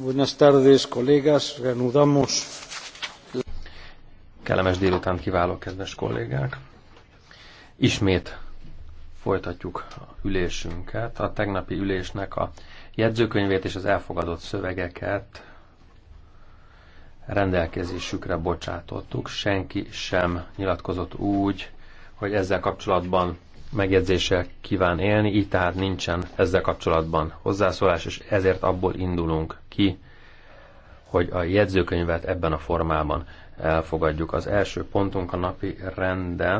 Buenas tardes, kollégás, reanudamos. Kellemes délután kívánok, kedves kollégák! Ismét folytatjuk a ülésünket. A tegnapi ülésnek a jegyzőkönyvét és az elfogadott szövegeket rendelkezésükre bocsátottuk. Senki sem nyilatkozott úgy, hogy ezzel kapcsolatban megjegyzéssel kíván élni, így tehát nincsen ezzel kapcsolatban hozzászólás, és ezért abból indulunk ki, hogy a jegyzőkönyvet ebben a formában elfogadjuk. Az első pontunk a napi renden